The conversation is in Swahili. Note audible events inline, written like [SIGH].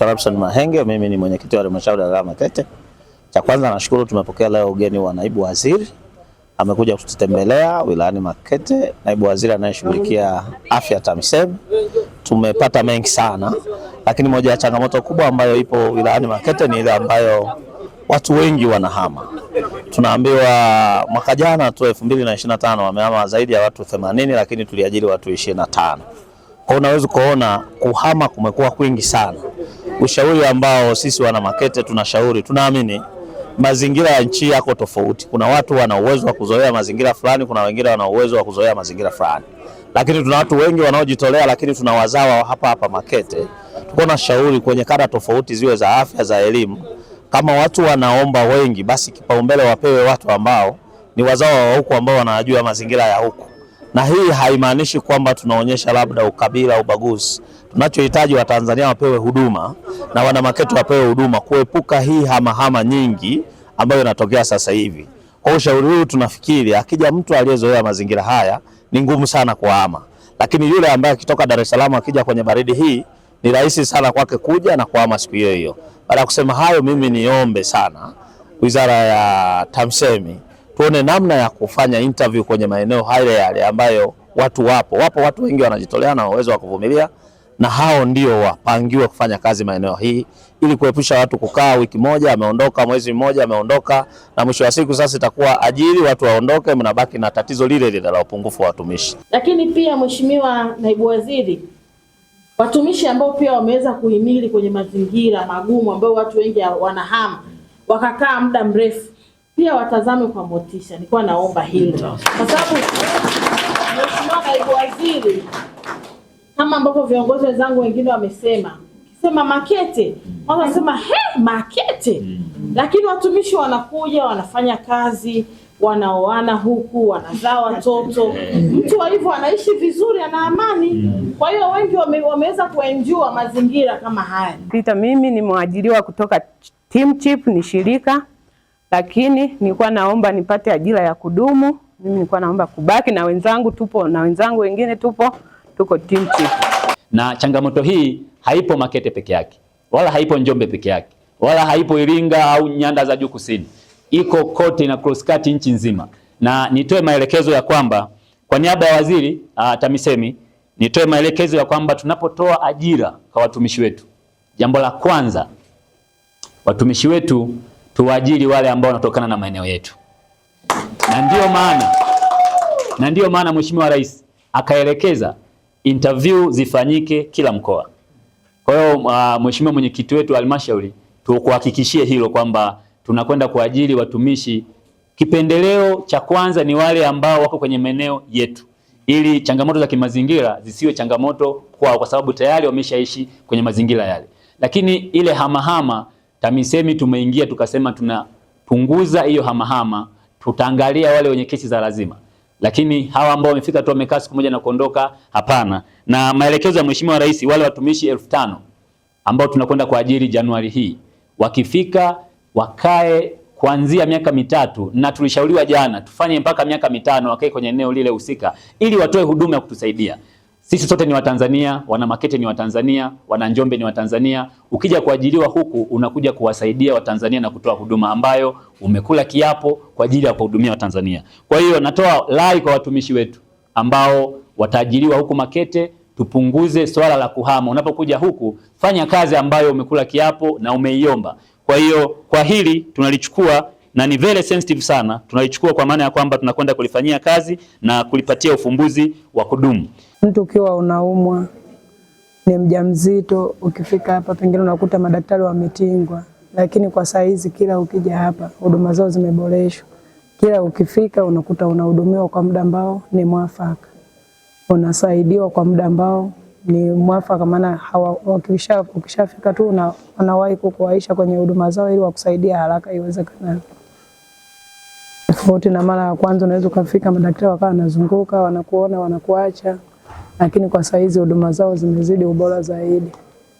naitwa Rapson Mahenge, mimi ni mwenyekiti wa halmashauri ya wilaya Makete. Cha kwanza nashukuru tumepokea leo ugeni wa naibu waziri, amekuja kututembelea wilayani Makete, naibu waziri anayeshughulikia afya TAMISEMI. Tumepata mengi sana, lakini moja ya changamoto kubwa ambayo ipo wilayani Makete ni ile ambayo watu wengi wanahama. Tunaambiwa mwaka jana tu 2025 wamehama zaidi ya watu 80, lakini tuliajiri watu 25. Kwa unaweza kuona kuhama kumekuwa kwingi sana ushauri ambao sisi wana Makete tunashauri, tunaamini mazingira ya nchi yako tofauti. Kuna watu wana uwezo wa kuzoea mazingira fulani, kuna wengine wana uwezo wa kuzoea mazingira fulani, lakini tuna watu wengi wanaojitolea, lakini tuna wazawa hapa hapa Makete. Tuko na shauri kwenye kada tofauti, ziwe za afya, za elimu. Kama watu wanaomba wengi, basi kipaumbele wapewe watu ambao ni wazawa wa huku, ambao wanajua mazingira ya huku na hii haimaanishi kwamba tunaonyesha labda ukabila au ubaguzi. Tunachohitaji Watanzania wapewe huduma na wanamaketo wapewe huduma, kuepuka hii hamahama nyingi ambayo inatokea sasa hivi. Kwa ushauri huu, tunafikiri akija mtu aliyezoea mazingira haya ni ngumu sana kuhama, lakini yule ambaye akitoka Dar es Salaam akija kwenye baridi hii ni rahisi sana kwake kuja na kuhama siku hiyo hiyo. Baada ya kusema hayo, mimi niombe sana Wizara ya TAMISEMI tuone namna ya kufanya interview kwenye maeneo haya yale ambayo watu wapo. Wapo watu wengi wanajitolea na uwezo wa kuvumilia, na hao ndio wapangiwe kufanya kazi maeneo hii, ili kuepusha watu kukaa wiki moja ameondoka, mwezi mmoja ameondoka, na mwisho wa siku sasa itakuwa ajili watu waondoke, mnabaki na tatizo lile lile la upungufu wa watumishi. Lakini pia Mheshimiwa Naibu Waziri, watumishi ambao pia wameweza kuhimili kwenye mazingira magumu ambayo watu wengi wanahama wakakaa muda mrefu pia watazame kwa motisha. Nilikuwa naomba hilo mm. kwa sababu Mheshimiwa Naibu Waziri, kama ambavyo viongozi wenzangu wengine wamesema, ukisema Makete mm. watu wanasema he, Makete, mm. lakini watumishi wanakuja wanafanya kazi wanaoana huku wanazaa watoto, [LAUGHS] eh. mtu wa hivyo anaishi vizuri, ana amani. Kwa hiyo wengi wame, wameweza kuenjua mazingira kama haya. Pita, mimi ni mwajiriwa kutoka Team Chip, ni shirika lakini nilikuwa naomba nipate ajira ya kudumu. Mimi nilikuwa naomba kubaki na wenzangu, tupo na wenzangu wengine, tupo tuko team chief. Na changamoto hii haipo Makete peke yake, wala haipo Njombe peke yake, wala haipo Iringa au nyanda za juu kusini, iko kote na cross cut nchi nzima, na nitoe maelekezo ya kwamba kwa niaba ya waziri a, ah, TAMISEMI nitoe maelekezo ya kwamba tunapotoa ajira kwa watumishi wetu, jambo la kwanza watumishi wetu tuwaajiri wale ambao wanatokana na maeneo yetu, na ndio maana na ndio maana Mheshimiwa Rais akaelekeza interview zifanyike kila mkoa. Kwa hiyo uh, Mheshimiwa mwenyekiti wetu wa halmashauri, tukuhakikishie hilo kwamba tunakwenda kuajiri watumishi. Kipendeleo cha kwanza ni wale ambao wako kwenye maeneo yetu, ili changamoto za kimazingira zisiwe changamoto kwao, kwa sababu tayari wameshaishi kwenye mazingira yale, lakini ile hamahama TAMISEMI tumeingia tukasema tunapunguza hiyo hamahama, tutaangalia wale wenye kesi za lazima, lakini hawa ambao wamefika tu wamekaa siku moja na kuondoka, hapana. Na maelekezo ya Mheshimiwa Rais, wale watumishi elfu tano ambao tunakwenda kwa ajili Januari hii wakifika wakae kuanzia miaka mitatu na tulishauriwa jana tufanye mpaka miaka mitano, wakae kwenye eneo lile husika, ili watoe huduma ya kutusaidia. Sisi sote ni Watanzania, wana Makete ni Watanzania, wana Njombe ni Watanzania. Ukija kuajiriwa huku unakuja kuwasaidia Watanzania na kutoa huduma ambayo umekula kiapo kwa ajili ya kuhudumia Watanzania. Kwa hiyo natoa rai kwa watumishi wetu ambao wataajiriwa huku Makete, tupunguze swala la kuhama. Unapokuja huku fanya kazi ambayo umekula kiapo na umeiomba. Kwa hiyo kwa hili tunalichukua na ni very sensitive sana, tunaichukua kwa maana ya kwamba tunakwenda kulifanyia kazi na kulipatia ufumbuzi wa kudumu. Mtu ukiwa unaumwa ni mjamzito, ukifika hapa pengine unakuta madaktari wametingwa, lakini kwa saa hizi kila ukija hapa huduma zao zimeboreshwa. Kila ukifika unakuta unahudumiwa kwa muda ambao ni mwafaka, unasaidiwa kwa muda ambao ni mwafaka, maana ukishafika tu wanawahi kukuaisha kwenye huduma zao ili wakusaidia haraka iwezekanavyo tofauti na mara ya kwanza. Unaweza ukafika madaktari wakawa wanazunguka wanakuona wanakuacha, lakini kwa saizi huduma zao zimezidi ubora zaidi.